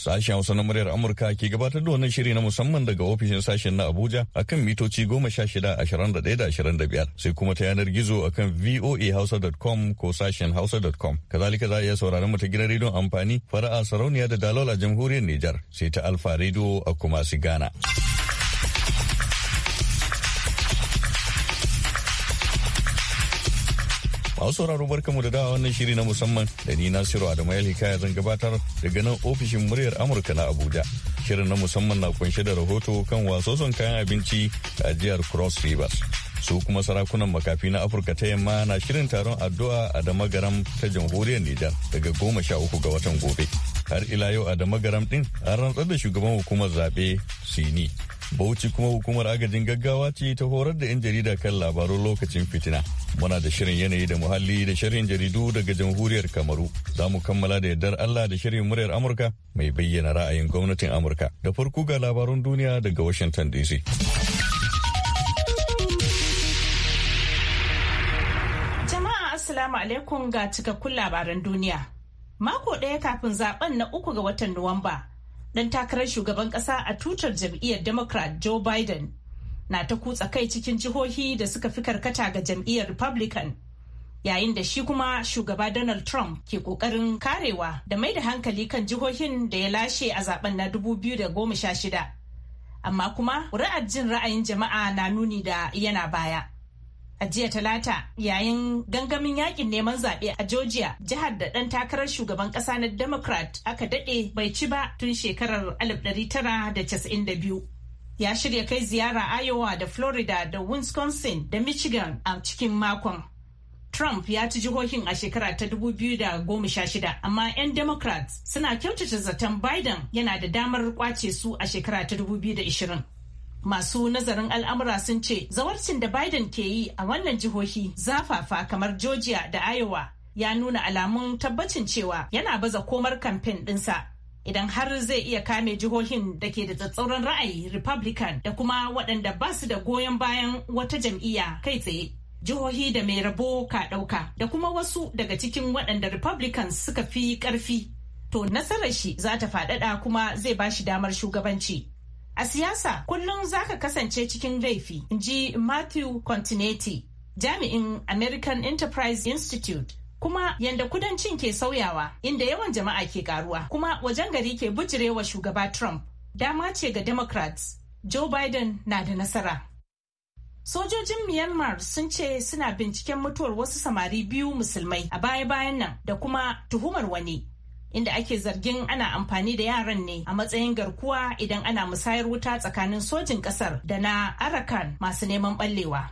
Sashen Hausa na muryar Amurka ke gabatar da wannan shiri na musamman daga ofishin sashen na Abuja akan mitoci goma sha shida ashirin da daya da ashirin da biyar sai kuma ta yanar gizo akan voahausa.com ko sashen hausa.com. Kazalika za a iya sauraron mu ta gidan rediyon amfani fara'a sarauniya da dalola jamhuriyar Nijar sai ta Alfa rediyo a Kumasi Ghana. Masu barka barkamu da dawa wannan shiri na musamman da ni Nasiru Adamu Hikaya zan gabatar daga nan ofishin muryar Amurka na Abuja. Shirin na musamman na kunshe da rahoto kan wasoson kayan abinci a jihar Cross Rivers. Su kuma sarakunan makafi na Afirka ta yamma na shirin taron addu'a a garam ta jamhuriyar Nijar daga goma sha uku ga watan gobe. Har ila yau a garam din an rantsar da shugaban hukumar zaɓe Sini. Bauchi kuma hukumar agajin gaggawa ce ta horar da 'yan jarida kan labarun lokacin fitina. Muna da shirin yanayi da muhalli da shirin jaridu daga jamhuriyar Kamaru. Za mu kammala da yardar Allah da shirin muryar Amurka mai bayyana ra'ayin gwamnatin Amurka. Da farko ga labarun duniya daga Washington DC. Jama'a Assalamu alaikum ga cikakkun labaran duniya. Mako ɗaya kafin zaben na uku ga watan Nuwamba, ɗan takarar shugaban ƙasa a tutar jam'iyyar democrat joe biden na ta kutsa kai cikin jihohi da suka fi karkata ga jam'iyyar republican yayin da shi kuma shugaba donald trump ke ƙoƙarin karewa da mai da hankali kan jihohin da ya lashe a zaben na 2016 amma kuma ƙuri'ar jin ra'ayin jama'a na nuni da yana baya a jiya talata yayin gangamin yakin neman zaɓe a georgia jihar da ɗan takarar shugaban ƙasa na democrat aka daɗe bai ci ba tun shekarar 1992 ya shirya kai ziyara iowa da florida da wisconsin da michigan a cikin makon Trump ya ci jihohin a shekara ta 2016 amma 'yan Democrats suna kyautata zaton Biden yana da damar kwace su a shekara ta 2020. Masu nazarin al'amura sun ce zawarcin da Biden ke yi a wannan jihohi zafafa kamar Georgia da Iowa ya nuna alamun tabbacin cewa yana baza komar kamfen dinsa, Idan har zai iya kame jihohin da ke da tsatsauran ra'ayi Republican da kuma waɗanda ba su da goyon bayan wata jam'iyya kai tsaye. Jihohi da mai rabo ka ɗauka da kuma wasu daga cikin waɗanda republican suka fi ƙarfi. To nasarar shi za ta faɗaɗa kuma zai ba shi damar shugabanci. A siyasa kullum za ka kasance cikin laifi, in ji Matthew Continetti, jami'in American Enterprise Institute. Kuma yanda kudancin ke sauyawa inda yawan jama'a ke karuwa kuma wajen gari ke bujirewa shugaba Trump dama ce ga Democrats Joe Biden na da nasara. Sojojin Myanmar sun ce suna binciken mutuwar wasu samari biyu musulmai a baya-bayan nan da kuma tuhumar wani inda ake zargin ana amfani da yaran ne a matsayin garkuwa idan ana musayar wuta tsakanin sojin kasar da na arakan masu neman ɓallewa.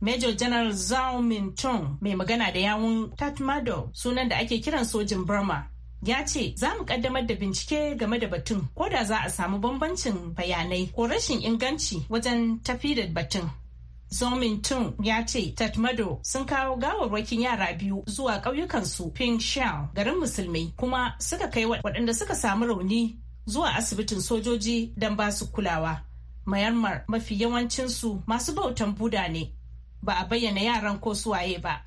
Major General Zhao Min Tong mai magana da yawun Tatmadaw sunan da ake kiran sojin Burma ya ce za mu kaddamar da bincike game da batun ko da za a samu bambancin bayanai ko rashin inganci wajen tafi da batun. Zomin ya ce Tatmado sun kawo gawarwakin yara biyu zuwa ƙauyukansu Shao garin musulmi kuma suka kai waɗanda suka samu rauni zuwa asibitin sojoji don ba su kulawa. mayarmar mafi yawancinsu masu bautan Buda ne ba a bayyana yaran ko suwaye ba.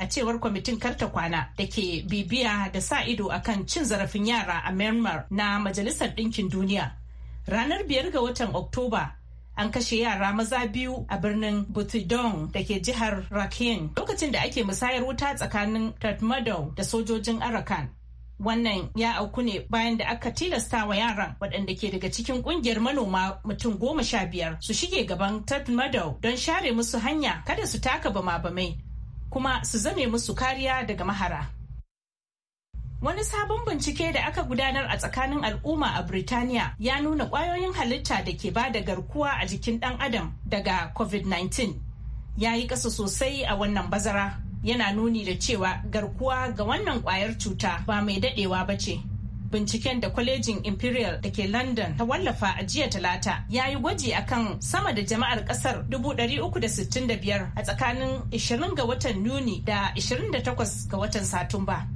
A cewar kwamitin karta kwana da ke bibiya da sa ido akan cin zarafin yara a Myanmar na Majalisar Ɗinkin Duniya. Ranar biyar ga watan Oktoba an kashe yara maza biyu a birnin Butidong da ke jihar Rakhine lokacin da ake musayar wuta tsakanin Tatmadaw da sojojin Arakan. Wannan ya auku ne bayan da aka tilasta wa yaran waɗanda ke daga cikin ƙungiyar manoma mutum goma sha biyar su shige gaban Tatmadaw don share musu hanya kada su taka bama-bamai kuma su zame musu kariya daga mahara. Wani sabon bincike da aka gudanar a tsakanin al'umma a Birtaniya ya nuna ƙwayoyin halitta da ke ba da garkuwa a jikin ɗan adam daga COVID-19. Ya yi ƙasa sosai a wannan bazara, yana nuni da cewa garkuwa ga wannan ƙwayar cuta ba mai daɗewa ba ce. Binciken da kwalejin Imperial da ke London ta wallafa a jiya talata ya yi gwaji akan sama da jama'ar kasar 365 a tsakanin 20 ga watan Yuni da 28 ga watan Satumba.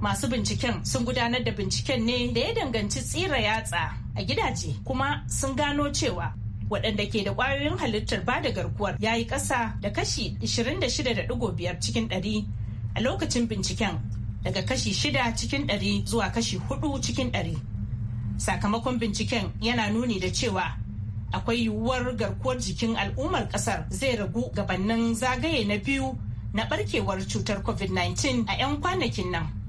masu binciken sun gudanar da binciken ne da ya danganci tsira yatsa a gidaje kuma sun gano cewa waɗanda ke da ƙwayoyin halittar ba da garkuwar ya yi ƙasa da kashi 26.5 cikin 100 a lokacin binciken daga kashi 6 cikin 100 zuwa kashi 4 cikin 100 sakamakon binciken yana nuni da cewa akwai yiwuwar garkuwar jikin al'ummar ƙasar zai ragu gabanin zagaye na biyu na barkewar cutar covid-19 a 'yan kwanakin nan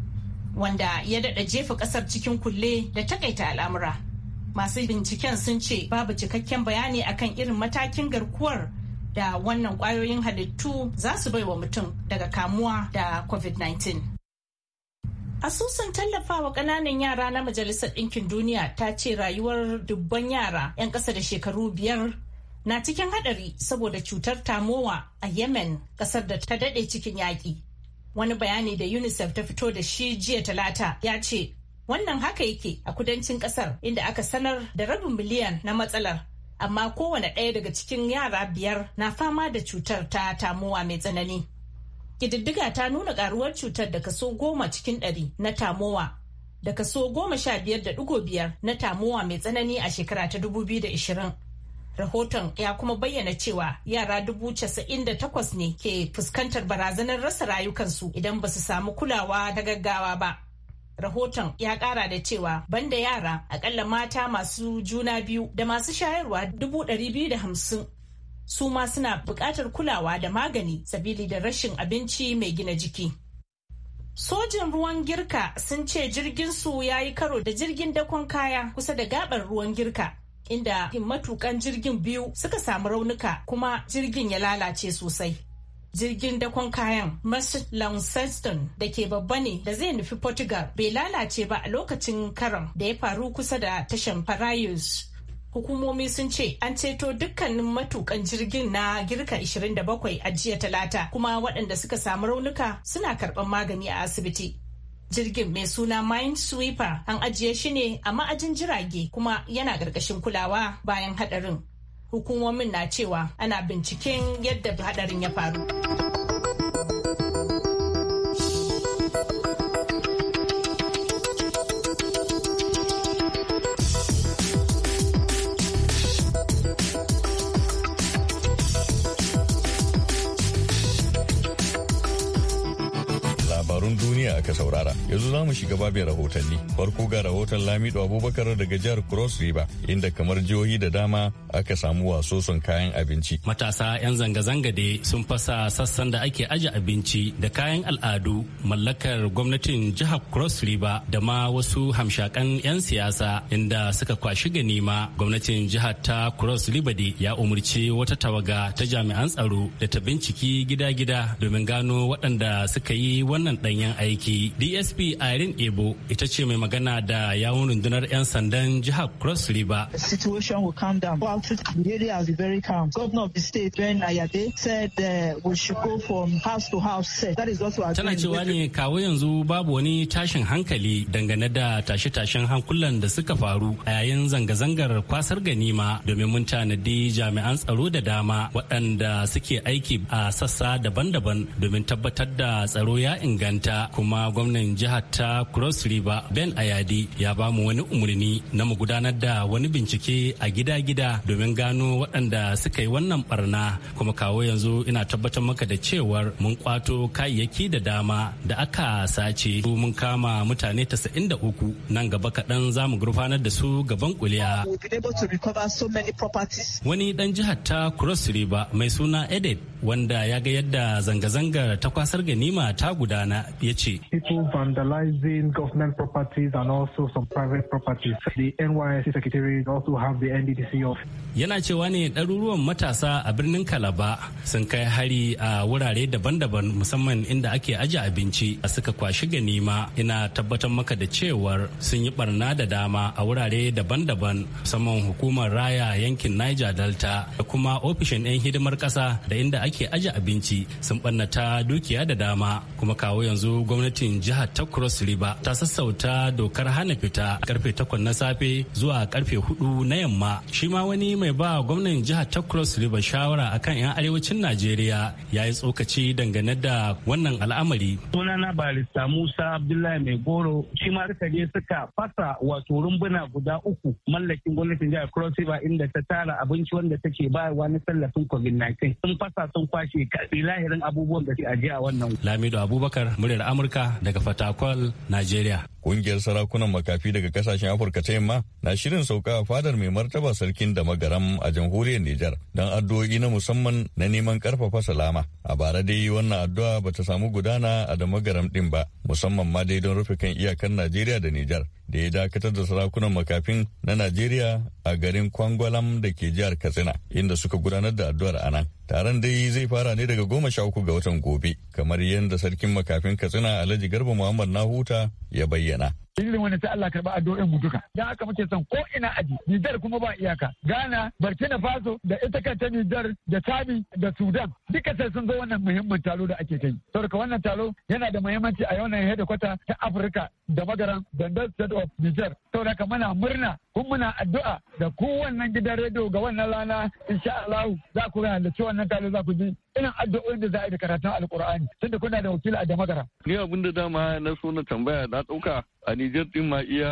wanda ya dada jefa kasar cikin kulle da takaita al'amura. Masu binciken sun ce babu cikakken bayani akan irin matakin garkuwar da wannan kwayoyin halittu za su baiwa mutum daga kamuwa da COVID-19. Asusun tallafawa ƙananan yara na Majalisar Ɗinkin Duniya ta ce rayuwar dubban yara 'yan ƙasa da shekaru biyar na cikin haɗari saboda cutar tamowa a Yemen, ƙasar da ta daɗe cikin yaƙi. Wani bayani da UNICEF ta fito da shi jiya talata ya ce wannan haka yake a kudancin kasar inda aka sanar da rabin miliyan na matsalar amma kowane ɗaya daga cikin yara biyar na fama da cutar ta tamuwa mai tsanani. Ƙididdiga ta nuna ƙaruwar cutar da kaso goma cikin ɗari na tamowa da kaso goma sha biyar da ɗigo biyar na tamowa mai tsanani a shekara ta dubu biyu da ashirin. rahoton ya kuma bayyana cewa yara dubu casa'in da takwas ne ke fuskantar barazanar rasa rayukansu idan ba su samu kulawa ta gaggawa ba rahoton ya kara da cewa banda yara akalla mata masu juna biyu da masu shayarwa dubu biyu da hamsin su ma suna buƙatar kulawa da magani sabili da rashin abinci mai gina jiki Sojin ruwan girka sun ce jirgin su ya yi karo da jirgin dakon kaya kusa da gabar ruwan girka inda matukan jirgin biyu suka samu raunuka kuma jirgin ya lalace sosai. Jirgin dakon kayan Master Launceston da ke babba ne da zai nufi Portugal bai lalace ba a lokacin karon da ya faru kusa da tashan Farayus. Hukumomi sun ce an ceto dukkanin matukan jirgin na girka 27 a jiya talata kuma waɗanda suka samu raunuka suna karɓar magani a asibiti. Jirgin mai suna sweeper an ajiye shi ne a ma'ajin jirage kuma yana ƙarƙashin kulawa bayan haɗarin. Hukumomin na cewa ana binciken yadda haɗarin ya faru. duniya aka saurara. Yanzu za mu shiga babin rahotanni. Farko ga rahoton Lamido Abubakar daga jihar Cross River inda kamar jihohi da dama aka samu wasoson kayan abinci. Matasa 'yan zanga-zanga dai sun fasa sassan da ake aje abinci da kayan al'adu mallakar gwamnatin jihar Cross River da ma wasu hamshakan 'yan siyasa inda suka kwashi ganima gwamnatin jihar ta Cross River ya umarci wata tawaga ta jami'an tsaro da ta binciki gida-gida domin gano waɗanda suka yi wannan ɗanyen aiki. ciki dsp irene ebo ita ce mai magana da yawun rundunar 'yan sandan jihar cross river situation will calm down well will very calm governor of the state ben ayade said uh, we should go from house to house set. that is tana cewa ne kawo yanzu babu wani tashin hankali dangane da tashe-tashen hankulan da suka faru a yayin zanga-zangar kwasar ganima domin mun tanadi jami'an tsaro da dama waɗanda suke aiki a sassa daban-daban domin tabbatar da tsaro ya inganta kuma kuma gwamnan jihar ta cross river ben ayadi ya ba mu wani umarni na mu gudanar da wani bincike a gida-gida domin gano waɗanda suka yi wannan barna kuma kawo yanzu ina tabbatar maka da cewar mun kwato kayayyaki da dama da aka sace mun kama mutane da uku nan gaba kaɗan za mu gurfanar da su gaban kuliya wani ɗan jihar ta cross river mai suna edit wanda ya ga yadda zanga-zangar ta kwasar ganima ta gudana ya ce people vandalizing government properties and also some private properties. The NYSC secretary also have the NDDC off. Yana cewa ne ɗaruruwan matasa a birnin Kalaba sun kai hari a wurare daban-daban musamman inda ake aje abinci a suka kwashi ganima ina tabbatar maka da cewar sun yi barna da dama a wurare daban-daban musamman hukumar raya yankin Niger Delta da kuma ofishin 'yan hidimar ƙasa da inda ake aje abinci sun ɓannata dukiya da dama kuma kawo yanzu gwamnati gwamnatin jihar ta cross river ta sassauta dokar hana fita karfe 8 na safe zuwa karfe 4 na yamma shi ma wani mai ba gwamnan jihar ta cross river shawara akan 'yan arewacin najeriya ya yi tsokaci dangane da wannan al'amari sunana barista musa abdullahi mai goro shi ma suka je suka fasa wato rumbuna guda uku mallakin gwamnatin jihar cross river inda ta tara abinci wanda take bayarwa na tallafin covid-19 sun fasa sun kwashe ilahirin abubuwan da ke ajiya wannan lamido abubakar muryar amurka Afirka daga Fatakwal, Najeriya. Kungiyar sarakunan makafi daga kasashen Afirka ta yamma na shirin sauka a fadar mai martaba sarkin da magaram a jamhuriyar Nijar don addu'o'i na musamman na neman karfafa salama. A bara dai wannan addu'a bata samu gudana a da magaram din ba musamman ma dai don rufe kan iyakar Najeriya da Nijar. da ya dakatar da sarakunan makafin na Najeriya a garin Kwangwalam da ke jihar Katsina inda suka gudanar da addu'ar anan. Taron dai zai fara ne daga goma sha uku ga watan gobe kamar yadda sarkin makafin Katsina Alhaji Garba Muhammad Nahuta ya bayyana. irin wani ta Allah karba addu'o'in mu duka dan haka muke son ko ina aji Nijar kuma ba iyaka Ghana Burkina Faso da ita kanta Nijar da Tabi da Sudan duka sai sun zo wannan muhimmin taro da ake kai saboda wannan taro yana da muhimmanci a yau nan ta Afirka da magaran da State of Nijar saboda muna murna kun muna addu'a da kowannan gidan rediyo ga wannan rana insha Allah za ku da cewa nan tare za ku ji irin addu'o da za a yi da karatun alkur'ani tunda kuna da wakili a damagara. ni abin da dama na so na tambaya na ɗauka a Nijar din ma iya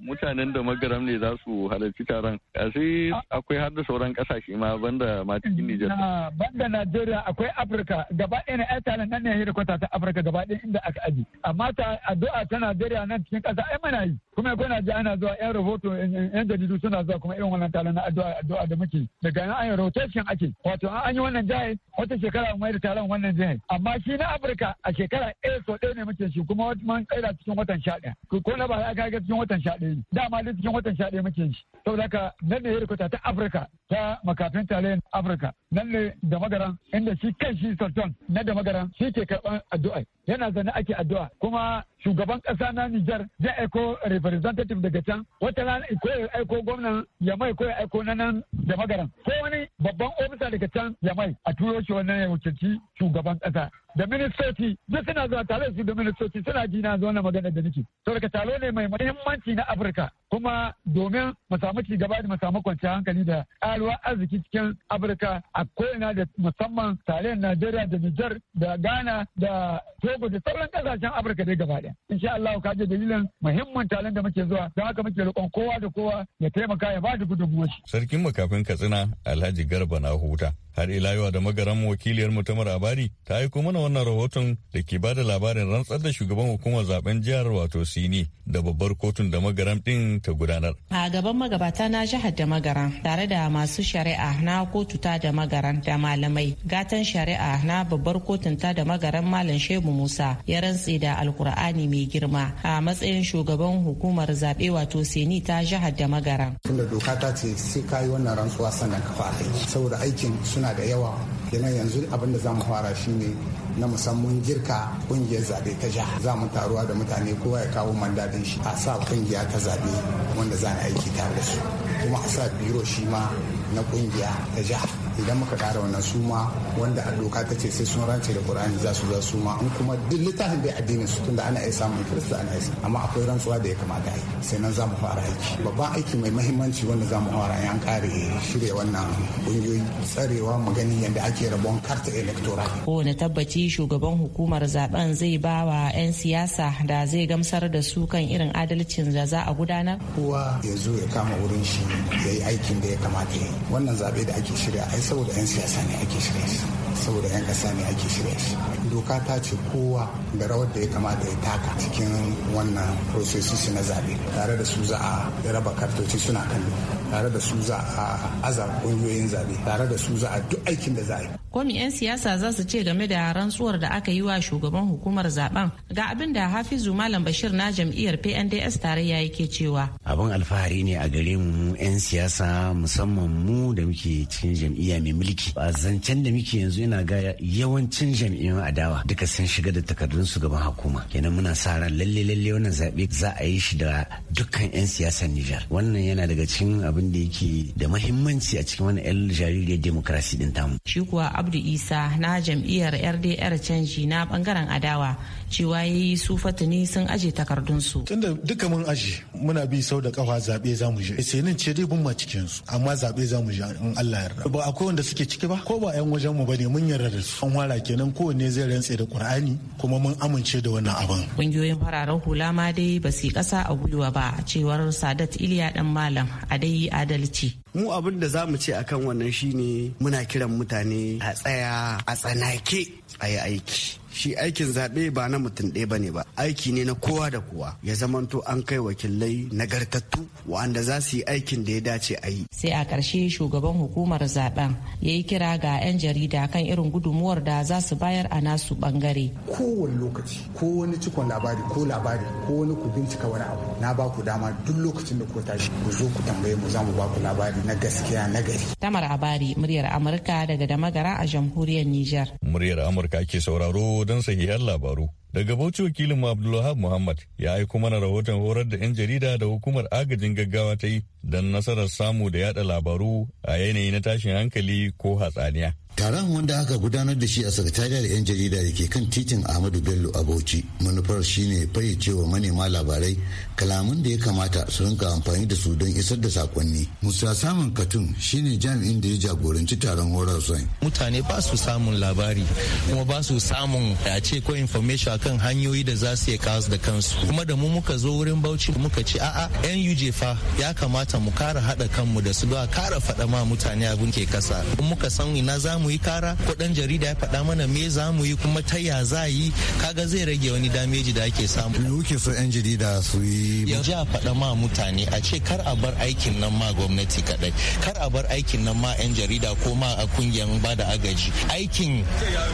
mutanen da magaram ne za su halarci taron sai akwai har da sauran kasashe ma banda ma cikin Nijar. banda Najeriya akwai Afirka gaba ɗaya na ƴan taron nan ne kwata ta Afirka gaba ɗaya inda aka aji amma ta addu'a ta Najeriya nan cikin ƙasa ai mana yi kuma na ji ana zuwa ƴan rahoto yan jaridu suna zuwa kuma irin wannan taron na addu'a da muke daga nan an yi rotation ake wato an yi wannan jihar wata shekara mai da taron wannan jihar amma shi na Afirka a shekara a so ɗaya ne muke shi kuma mun kaira cikin watan sha ɗaya ko na ba ka ga cikin watan sha ɗaya ne dama duk cikin watan sha ɗaya muke shi saboda ka nan ne ya ta Afirka ta makafin tarayyar Afirka nan ne da magaran inda shi kan shi Sultan na da magaran shi ke karɓan addu'a yana zane ake addu'a kuma shugaban ƙasa na Nijar zai aiko representative daga can wata rana ko ya aiko gwamnan ya mai ko ya aiko na nan da magaran ko wani babban ofisa daga can ya mai a turo shi wannan ya wakilci shugaban ƙasa. da ministoci duk suna zuwa tare su da ministoci suna ji na zuwa magana da nake saboda taro ne mai muhimmanci na Afirka kuma domin mu samu ci gaba da mu samu kwanciyar hankali da karuwa arziki cikin Afirka a ko'ina da musamman na Najeriya da Nijar da Ghana da Togo da sauran kasashen Afirka dai gaba ɗaya insha Allah ka je dalilin muhimmin taron da muke zuwa don haka muke roƙon kowa da kowa ya taimaka ya ba da gudunmuwar sarkin makafin Katsina Alhaji Garba na huta har ila yau da magaran wakiliyar mutumar Abari ta aiko mana mana wannan rahoton da ke bada labarin rantsar da shugaban hukumar zaben jihar wato Sini da babbar kotun da magaram din ta gudanar. A gaban magabata na jihar da magaran tare da masu shari'a na kotu ta da magaran da malamai gatan shari'a na babbar kotun ta da magaran malam Shehu Musa ya rantse da Alkur'ani mai girma a matsayin shugaban hukumar zabe wato Sini ta jihar da magaran. Tunda doka ta ce sai ka yi wannan rantsuwa sannan ka fara saboda aikin suna da yawa kenan yanzu abin da za mu fara shine na musamman girka kungiyar zaɓe ta jiha za mu taruwa da mutane kowa ya kawo mandadin shi a sa kungiya ta zaɓe wanda za a aiki tare da su kuma a sa biro shi ma na kungiya ta jiha idan muka kara wannan suma wanda a doka ta ce sai sun rance da qur'ani za su za suma in kuma duk littafin bai addinin su tunda ana iya samun kirista ana iya amma akwai rantsuwa da ya kamata yi sai nan za mu fara aiki babban aiki mai mahimmanci wanda za mu fara yan kare shirya wannan kungiyoyi tsarewa mu gani yadda ake rabon karta electoral kowane tabbaci shugaban hukumar zaben zai ba wa 'yan siyasa da zai gamsar da su kan irin adalcin da za a gudanar kowa ya ya kama wurin shi ya yi aikin da ya kamata yi wannan zaɓe da ake shirya saboda 'yan siyasa ne ake shirya shi saboda 'yan ƙasa ne ake shirya shi doka ta ce kowa da rawar da ya kamata ya taka cikin wannan processes na zaɓe tare da su za a raba kartoci suna kallo tare da su za a aza ƙungiyoyin zaɓe tare da su za a duk aikin da za a yi Komi 'yan siyasa za su ce game da rantsuwar da aka yi wa shugaban hukumar zaben ga abin da hafizu malam bashir na jam'iyyar pnds tarayya yake cewa abin alfahari ne a gare mu 'yan siyasa musamman mu da muke cikin jam'iyya mai mulki a zancen da muke yanzu yana ga yawancin jam'iyyun adawa duka sun shiga da takardun su gaban hukuma kenan muna sa ran lalle lalle wannan zaɓe za a yi shi da dukkan 'yan siyasar nijar wannan yana daga cikin abin da yake da mahimmanci a cikin wannan 'yan jaririyar demokrasi din tamu shi kuwa abdu isa na jam'iyyar rdr canji na bangaren adawa cewa ya yi su fatini sun aje takardunsu tunda duka mun aje muna bi sau da kafa zaɓe za mu je sai ce dai bin ma cikin su amma zaɓe za mu je in allah yarda ba akwai wanda suke ciki ba ko ba yan wajen mu bane mun yarda da su an wara kenan kowanne zai rantse da qur'ani kuma mun amince da wannan abin kungiyoyin fararen hula ma dai ba su yi ƙasa a gwiwa ba cewar sadat iliya dan malam a dai adalci mu abin da za mu ce akan wannan shine muna kiran mutane a tsaya a tsanake a yi aiki shi aikin zaɓe ba na mutum ɗaya bane ba aiki ne na kowa da kowa ya zamanto an kai wakilai nagartattu wa'anda za su yi aikin da ya dace a yi sai a ƙarshe shugaban hukumar zaben ya yi kira ga 'yan jarida kan irin gudunmuwar da za su bayar a nasu bangare kowane lokaci ko wani cikon labari ko labari ko wani ku bincika wani abu na ba ku dama duk lokacin da ku tashi ku zo ku tambaye mu za mu ba ku labari na gaskiya na gari tamar abari muryar amurka daga damagara a jamhuriyar Nijar. muryar amurka ke sauraro don sahihan labaru. Daga Bauchi wakilin Abdulwahab Muhammad ya aiko mana rahoton horar da 'yan jarida da hukumar agajin gaggawa ta yi don nasarar samu da yada labaru a yanayi na tashin hankali ko hatsaniya. taron wanda aka gudanar da shi a sakatariyar 'yan jarida da ke kan titin ahmadu bello a bauchi manufar shine wa manema labarai kalaman da ya kamata su rinka amfani da su don isar da sakonni musa samun katun shine jami'in da ya jagoranci taron horar zuwa mutane ba su samun labari kuma ba su samun a ce ko information akan hanyoyi da za su kawo da kansu kuma da mu muka zo wurin bauchi muka ce a'a yan yuje fa ya kamata mu kara haɗa kanmu da su don a kara faɗa ma mutane abin ke kasa muka san ina zamu mu yi kara ko dan jarida ya faɗa mana me za mu yi kuma ta ya za yi kaga zai rage wani dameji da ake samu me kuke so yan jarida su yi yanzu a faɗa ma mutane a ce kar a bar aikin nan ma gwamnati kadai kar a bar aikin nan ma yan jarida ko ma a kungiyar ba da agaji aikin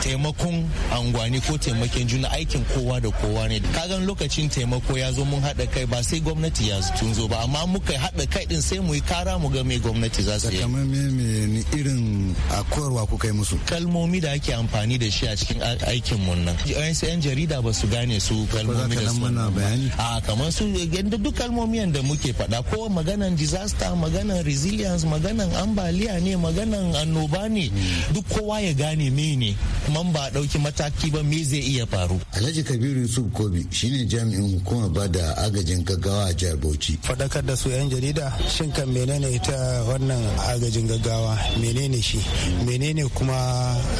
taimakon angwani ko taimakon juna aikin kowa da kowa ne kagan lokacin taimako ya zo mun haɗa kai ba sai gwamnati ya tun zo ba amma muka haɗa kai din sai mu yi kara mu ga me gwamnati za su yi irin a koyarwa kai musu kalmomi da ake amfani da shi a cikin aikin mun nan yan jarida ba su gane su kalmomi da su bayani a kamar su yadda duk kalmomi da muke fada ko maganan disaster maganan resilience maganan ambaliya ne maganan annoba ne hmm. duk kowa ya gane me ne kuma ba a ɗauki mataki ba me zai iya faru alhaji kabiru yusuf kobi shine jami'in hukumar ba da agajin gaggawa a jihar bauchi faɗakar da su yan jarida shin kan menene ita wannan agajin gaggawa menene shi menene ne kuma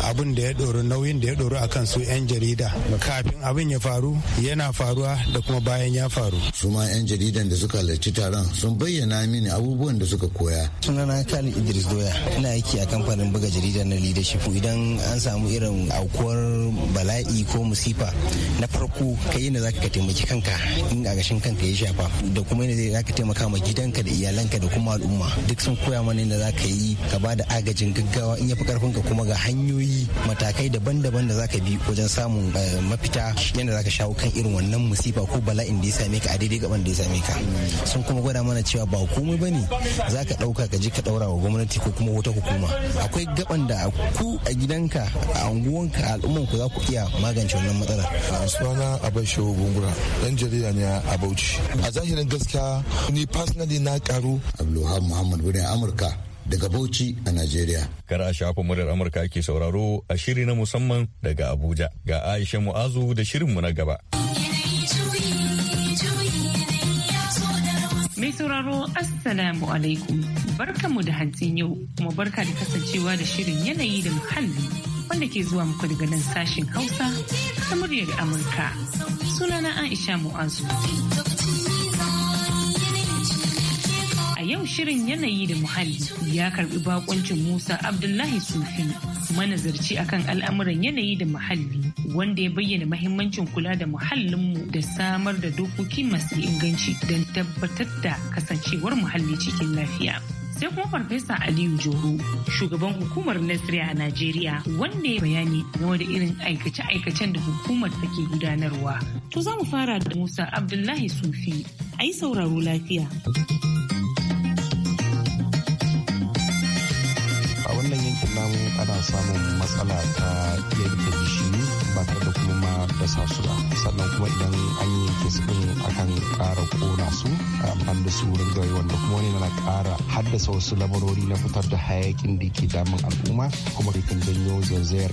abin da ya doru nauyin da ya doru a kan su 'yan jarida kafin abin ya faru yana faruwa da kuma bayan ya faru su ma 'yan jaridan da suka halarci taron sun bayyana mini abubuwan da suka koya sunana kan idris doya ina aiki a kamfanin buga jarida na leadership idan an samu irin aukuwar bala'i ko musifa na farko kai yadda zaka ka taimaki kanka in a gashin kanka ya shafa da kuma yadda zaka taimaka ma gidanka da iyalanka da kuma al'umma duk sun koya mana yadda zaka yi ka ba da agajin gaggawa in ya fi karfin haka kuma ga hanyoyi matakai daban-daban da zaka bi wajen samun eh, mafita yadda zaka shawo kan irin wannan musifa ko bala'in da ya same ka a daidai gaban da ya same ka sun kuma gwada mana cewa ba komai bane zaka dauka ka je ka daura wa gwamnati ko kuma wata hukuma akwai gaban da ku a gidanka a unguwanka a al'umman ku za ku iya magance wannan matsalar sunana abai shehu gungura dan jarida ne a bauchi a zahirin gaskiya ni personally na karu abdulhamid muhammad wurin amurka daga Bauchi a Najeriya. Kar a shafa muryar Amurka ke sauraro a shiri na musamman daga Abuja ga Aisha Mu'azu da mu na gaba. Mai sauraro Assalamu alaikum mu da hantsin yau kuma barka da kasancewa da shirin yanayi da muhalli wanda ke zuwa muku daga nan sashen Hausa ta muryar Amurka. Sunana Aisha Mu'azu. a yau shirin yanayi da muhalli ya karbi bakoncin Musa Abdullahi Sufi manazarci akan al'amuran yanayi da muhalli wanda ya bayyana mahimmancin kula da muhallinmu da samar da dokoki masu inganci don tabbatar da kasancewar muhalli cikin lafiya. sai kuma farfesa aliyu joro shugaban hukumar nasiriya a najeriya wanda ya bayani game da irin aikace-aikacen da hukumar take gudanarwa to za mu fara da musa abdullahi sufi a yi sauraro lafiya ana samun matsala ta yanke bishiyu ba da kuma da dasa su ba sannan kuma idan an yi su din akan ƙara kona su amfani da su wurin gari wanda kuma wani yana kara haddasa wasu lamarori na fitar da hayakin da ke damun al'umma kuma kan janyo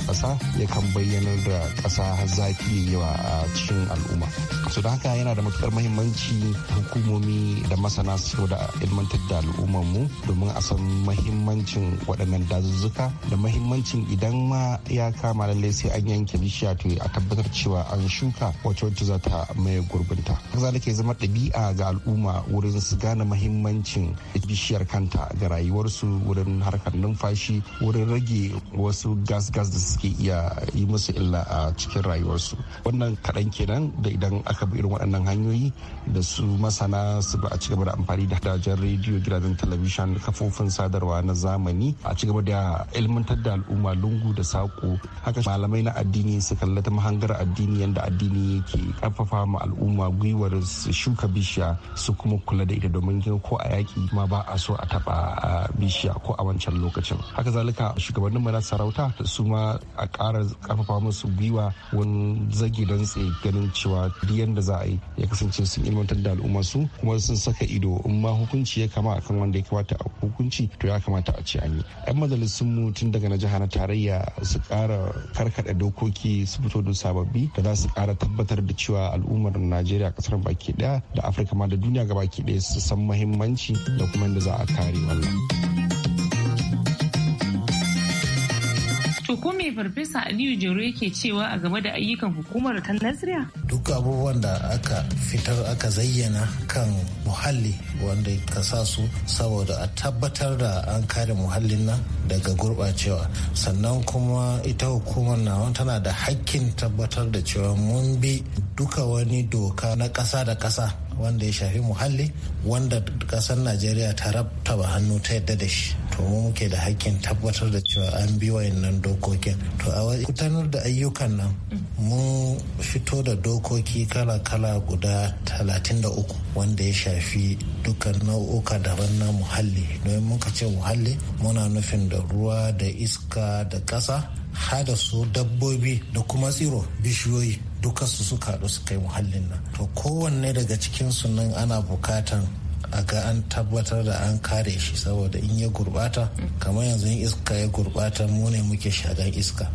kasa ya kan bayyanar da ƙasa zafi yawa a cikin al'umma su da haka yana da matukar mahimmanci hukumomi da masana su da ilmantar da al'ummar mu domin a san mahimmancin waɗannan dazuzzuka da mahimmancin idan ma ya kama lallai sai an yanke bishiya najeriya a tabbatar cewa an shuka wacce wacce za ta mai gurbinta haka ke zama ɗabi'a ga al'umma wurin su gane mahimmancin bishiyar kanta ga rayuwarsu wurin harkar numfashi wurin rage wasu gas gas da suke iya yi musu illa a cikin rayuwarsu wannan kaɗan kenan da idan aka bi irin waɗannan hanyoyi da su masana su ba a ci gaba da amfani da hadajen rediyo gidajen talabishin kafofin sadarwa na zamani a ci gaba da ilmantar da al'umma lungu da saƙo haka malamai na addini su kalla ta mahangar addini yadda addini yake karfafa ma al'umma gwiwar shuka bishiya su kuma kula da ita domin gina ko a yaki ma ba a so a taba bishiya ko a wancan lokacin haka zalika shugabannin mana sarauta su ma a ƙara karfafa musu gwiwa wani zage don tsaye ganin cewa duk yadda za a yi ya kasance sun ilmantar da al'umma su kuma sun saka ido in ma hukunci ya kama akan wanda ya kamata a hukunci to ya kamata a ce an yi yan majalisun mu tun daga na jihar na tarayya su ƙara karkada dokoki su fito da sababbi da za su kara tabbatar da cewa al'ummar najeriya kasar baki daya da afirka ma da duniya gaba baki daya su san mahimmanci da kuma yadda za a kare wannan. To ko me Farfesa Aliyu Jauro yake cewa a game da ayyukan hukumar ta Najeriya? Duk abubuwan da aka fitar aka zayyana kan muhalli wanda ka sa su saboda a tabbatar da an kare muhallin nan daga gurɓacewa. Sannan kuma ita hukumar nawa tana da hakkin tabbatar da cewa mun bi duka wani doka na ƙasa da ƙasa wanda ya shafi muhalli wanda kasar najeriya ta ba hannu ta yadda da shi to mu muke da hakkin tabbatar da cewa an bi wayannan dokokin to a gudanar da ayyukan nan mun fito da dokoki kala-kala guda 33 wanda ya shafi dukkan nau'uka daban na muhalli don muka ce muhalli muna nufin da ruwa da iska da ƙasa hada su dabbobi da kuma tsiro bishiyoyi duka su suka haɗu su kai muhallin nan to kowanne daga cikinsu nan ana bukatan a ga an tabbatar da an kare shi saboda in ya gurbata kamar yanzu in iska ya gurbata mu ne muke shagan iska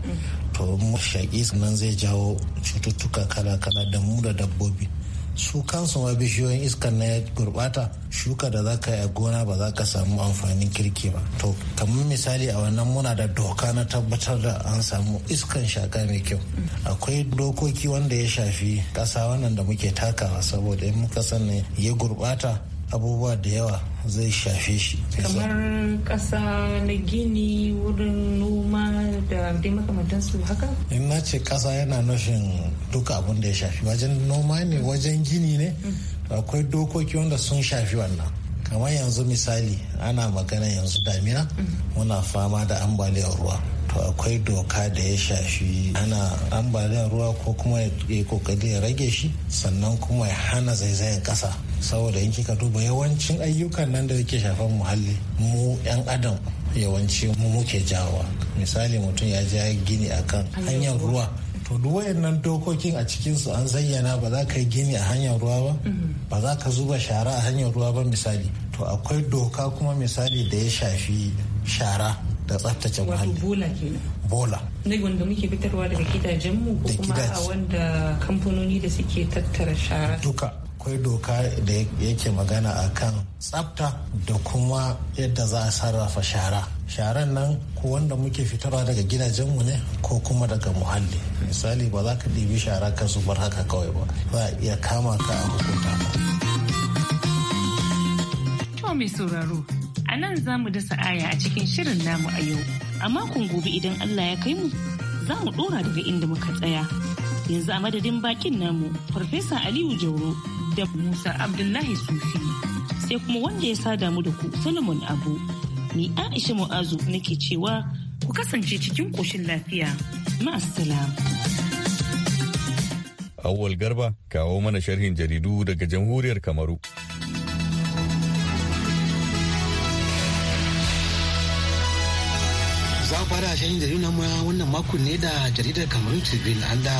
to mu shaƙi nan zai jawo cututtuka kala-kala da mu da dabbobi su kansu ma bishiyoyin iskar na ya gurbata shuka da za ka yi a gona ba za ka samu amfanin kirki ba to kamar misali a wannan muna da doka na tabbatar da an samu iskan shaka mai kyau akwai dokoki wanda ya shafi ƙasa wannan da muke takawa saboda in muka sanne ya gurbata abubuwa da yawa zai shafe shi kamar ƙasa na gini wurin noma da dai makamantansu haka in na ce ƙasa yana nufin duka abin da ya shafi wajen noma ne wajen gini ne mm. akwai dokoki wanda sun shafi wannan kamar yanzu misali ana magana yanzu damina mm. muna fama da ambaliyar ruwa to akwai doka da ya shafi ana ambaliyar ruwa ko kuma ya kokari ya rage shi sannan kuma ya hana zaizayen kasa saboda in kika duba yawancin ayyukan nan da yake shafan muhalli mu 'yan adam yawanci mu muke jawa misali mutum ya ja gini akan hanyar ruwa to duk wayannan dokokin a cikinsu an zayyana ba za ka yi gini a hanyar ruwa ba mm-hmm. ba za ka zuba shara a hanyar ruwa ba misali to akwai doka kuma misali da ya shafi shara da tsaftace muhalli bola. Na wanda muke fitarwa daga gidajenmu ko kuma a wanda kamfanoni da suke tattara shara. Duka akwai doka da yake magana a kan tsafta da kuma yadda za a sarrafa shara. Sharan nan ko wanda muke fitarwa daga gidajen mu ne ko kuma daga muhalli. Misali ba za ka ɗibi shara kan su bar haka kawai ba. Za a iya kama ka a hukunta to mai sauraro, a nan za mu dasa aya a cikin shirin namu a yau. a makon gobe idan Allah ya kai mu za mu ɗora daga inda muka tsaya. Yanzu a madadin bakin namu, Farfesa Aliyu Jauro da Musa Abdullahi Sufi, sai kuma wanda ya sada mu da ku Solomon Abu. Ni Aisha Mu'azu nake cewa ku kasance cikin ƙoshin lafiya. Ma'asalam. Awwal Garba kawo mana sharhin jaridu daga Jamhuriyar Kamaru. za a fara shayin jaridar na wannan makon ne da jaridar kamaru Tribune an da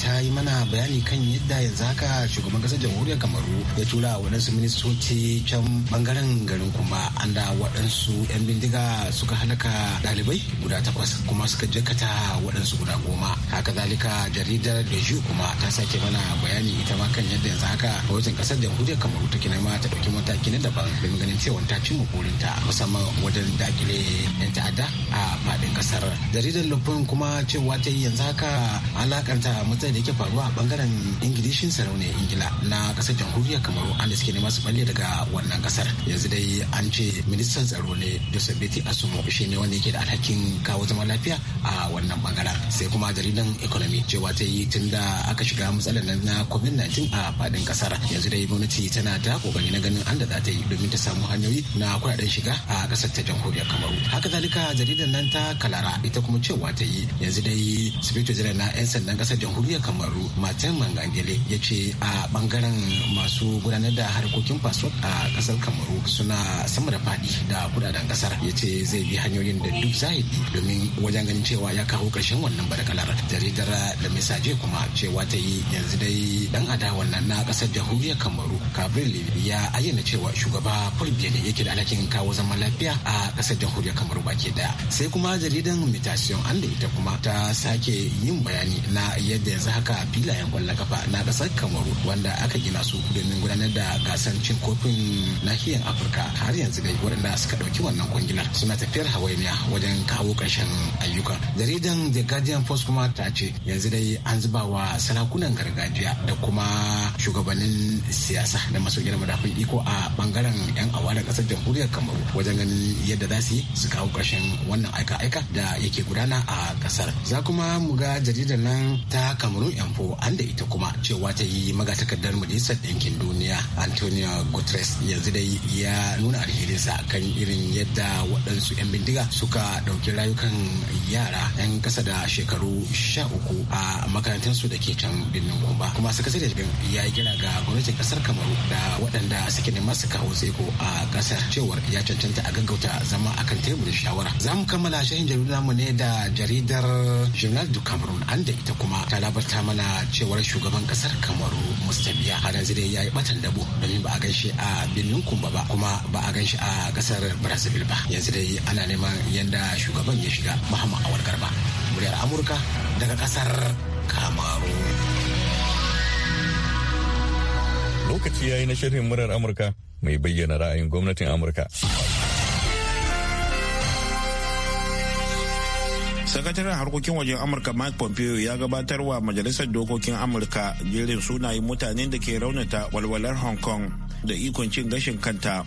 ta yi mana bayani kan yadda yanzu haka shugaban kasar jamhuriyar Kamaru ya tura waɗansu ministoci can bangaren garin kuma inda waɗansu 'yan bindiga suka halaka ɗalibai guda takwas kuma suka jikata waɗansu guda goma haka zalika jaridar ju kuma ta sake mana bayani ita ma kan yadda yanzu haka gwamnatin ƙasar jamhuriyar kamaru ta kina ma ta ɗauki mataki na daban domin ganin cewa ta cimma burinta musamman wajen dakile 'yan ta'adda a faɗin ƙasar jaridar lupin kuma cewa ta yi yanzu haka alakanta matsayin da yake faruwa a ɓangaren ingilishin sarauniyar ingila na ƙasar jamhuriyar kamaru an da suke neman su balle daga wannan ƙasar yanzu dai an ce ministan tsaro ne a Asumo shi ne wanda yake da alhakin kawo zaman lafiya a wannan bangaren sai kuma jaridan economy cewa ta yi tun da aka shiga matsalar nan na covid-19 a fadin kasar yanzu dai gwamnati tana ta kokari na ganin an da za ta yi domin ta samu hanyoyi na kuɗaɗen shiga a kasar ta jamhuriyar kamaru haka zalika jaridan nan ta kalara ita kuma cewa ta yi yanzu dai sufeto jiran na 'yan sandan kasar jamhuriyar kamaru martin mangangele ya ce a bangaren masu gudanar da harkokin fasfot a kasar kamaru suna sama da faɗi da kudaden kasar ya ce zai bi hanyoyin da duk zai bi domin wajen ganin cewa ya kawo karshen wannan barakalar jaridar da misaje kuma cewa ta yi yanzu dai dan adawa nan na ƙasar jamhuriyar kamaru gabriel ya ayyana cewa shugaba paul ne yake da alhakin kawo zaman lafiya a ƙasar jamhuriyar kamaru baki daya sai kuma jaridan mutation an da ita kuma ta sake yin bayani na yadda yanzu haka filayen kwallon kafa na ƙasar kamaru wanda aka gina su domin gudanar da gasar cin kofin nahiyar afirka har yanzu dai waɗanda suka ɗauki wannan kwangilar suna tafiyar hawainiya wajen kawo ƙarshen ayyukan jaridan the guardian post kuma ta ce yanzu dai an zuba wa sarakunan gargajiya da kuma shugabannin siyasa da masu girma iko a bangaren yan da ƙasar jamhuriyar kamaru wajen ganin yadda za su yi su kawo ƙarshen wannan aika-aika da yake gudana a ƙasar za kuma mu ga jaridar nan ta kamarun yanfo an da ita kuma cewa ta yi magatakardar majalisar ɗinkin duniya antonio guterres yanzu dai ya nuna alherinsa kansa kan irin yadda waɗansu 'yan bindiga suka ɗauki rayukan yara 'yan kasa da shekaru sha uku a makarantarsu da ke can birnin gomba kuma sakatare ya yi kira ga gwamnatin ƙasar kamaru da waɗanda suke neman su kawo tseko a ƙasar cewar ya cancanta a gaggauta zama akan teburin shawara za mu kammala shahin jaridar mu ne da jaridar journal du cameroon an da ita kuma ta labarta mana cewar shugaban ƙasar kamaru mustabiya har yanzu dai ya yi batan dabo domin ba a gaishe a birnin kumba ba kuma ba a gaishe a a kasar brazil ba yanzu dai ana neman yadda shugaban ya shiga muhammad awar garba muryar amurka daga kasar kamaru lokaci ya na shirin murar amurka mai bayyana ra'ayin gwamnatin amurka sakataren harkokin wajen amurka mike pompeo ya gabatar wa majalisar dokokin amurka jirin sunayen mutanen da ke raunata walwalar hong kong da ikon cin gashin kanta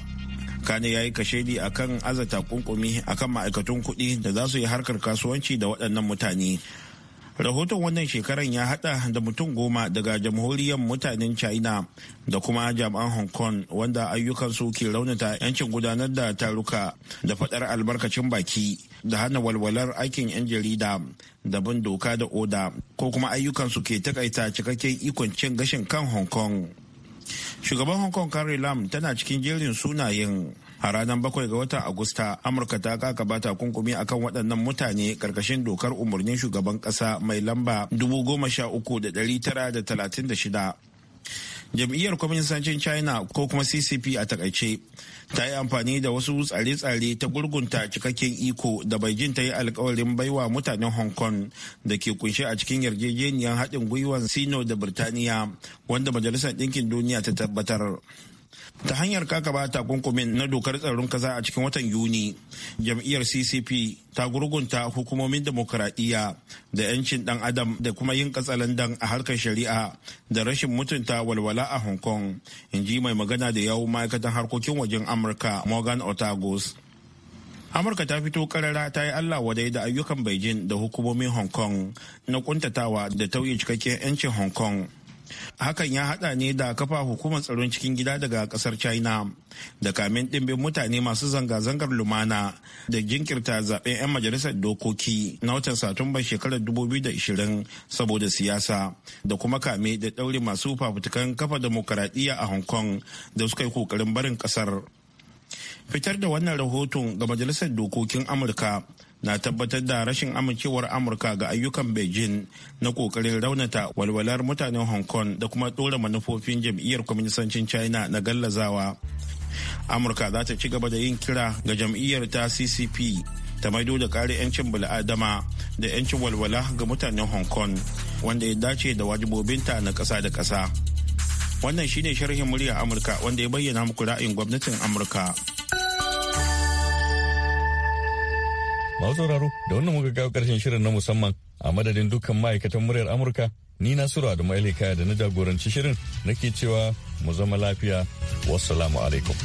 kane ya yi kashedi a kan aza takunkumi a kan ma'aikatun kuɗi da za su yi harkar kasuwanci da waɗannan mutane rahoton wannan shekaran ya haɗa da mutum goma daga jamhuriyar mutanen china da kuma jami'an hong kong wanda ayyukansu ke raunata 'yancin gudanar da taruka da fadar albarkacin baki da hana walwalar aikin 'yan jarida da bin doka da oda ko kuma ayyukansu ke takaita cikakken ikon cin gashin kan hong kong shugaban hong kong carrie lam tana cikin jerin sunayen a ranar bakwai ga watan agusta amurka ta kaka bata kunkumi akan waɗannan mutane ƙarƙashin dokar umarnin shugaban ƙasa mai lamba 13936 jam'iyyar kwaminisancin china ko kuma ccp a takaice ta yi amfani da wasu tsare-tsare ta gurgunta cikakken iko da beijing ta yi alkawarin baiwa mutanen hong kong da ke kunshe a cikin yarjejeniyar haɗin gwiwar sino da birtaniya wanda majalisar ɗinkin duniya ta tabbatar ta hanyar kakaba takunkumin na dokar tsaron kaza a cikin watan yuni jam'iyyar ccp ta gurgunta hukumomin demokuraɗiyya da 'yancin dan adam da kuma yin katsalandan a harkar shari'a da rashin mutunta walwala a hong kong in ji mai magana da yawun ma'aikatan harkokin wajen amurka morgan otagos amurka ta fito karara ta yi allah wadai da ayyukan beijing da hukumomin hong kong na kuntatawa da tauye cikakken 'yancin hong kong hakan ya hada ne da kafa hukumar tsaron cikin gida daga kasar china da kamin ɗimbin mutane masu zanga-zangar lumana da jinkirta zaben 'yan majalisar dokoki na watan satumbar shekarar 2020 saboda siyasa da kuma kame da ɗaure masu fafutukan kafa demokaradiyya a hong kong da suka yi kokarin barin kasar fitar da wannan rahoton ga majalisar dokokin amurka na tabbatar da rashin amincewar amurka ga ayyukan beijing na kokarin raunata walwalar mutanen hong kong da kuma ɗora manufofin jam'iyyar kwaminisancin china na gallazawa amurka za ta ci gaba da yin kira ga jam'iyyar ta ccp ta maido da kare 'yancin bala'adama da 'yancin walwala ga mutanen hong kong wanda ya dace da wajibobinta na ƙasa da ƙasa wannan shine sharhin murya amurka wanda ya bayyana muku ra'ayin gwamnatin amurka Masu sauraro da wannan muka kawo karshen shirin na musamman a madadin dukkan ma'aikatan muryar Amurka ni na sura da ma'ile kaya da na jagoranci shirin nake cewa mu zama lafiya wassalamu alaikum.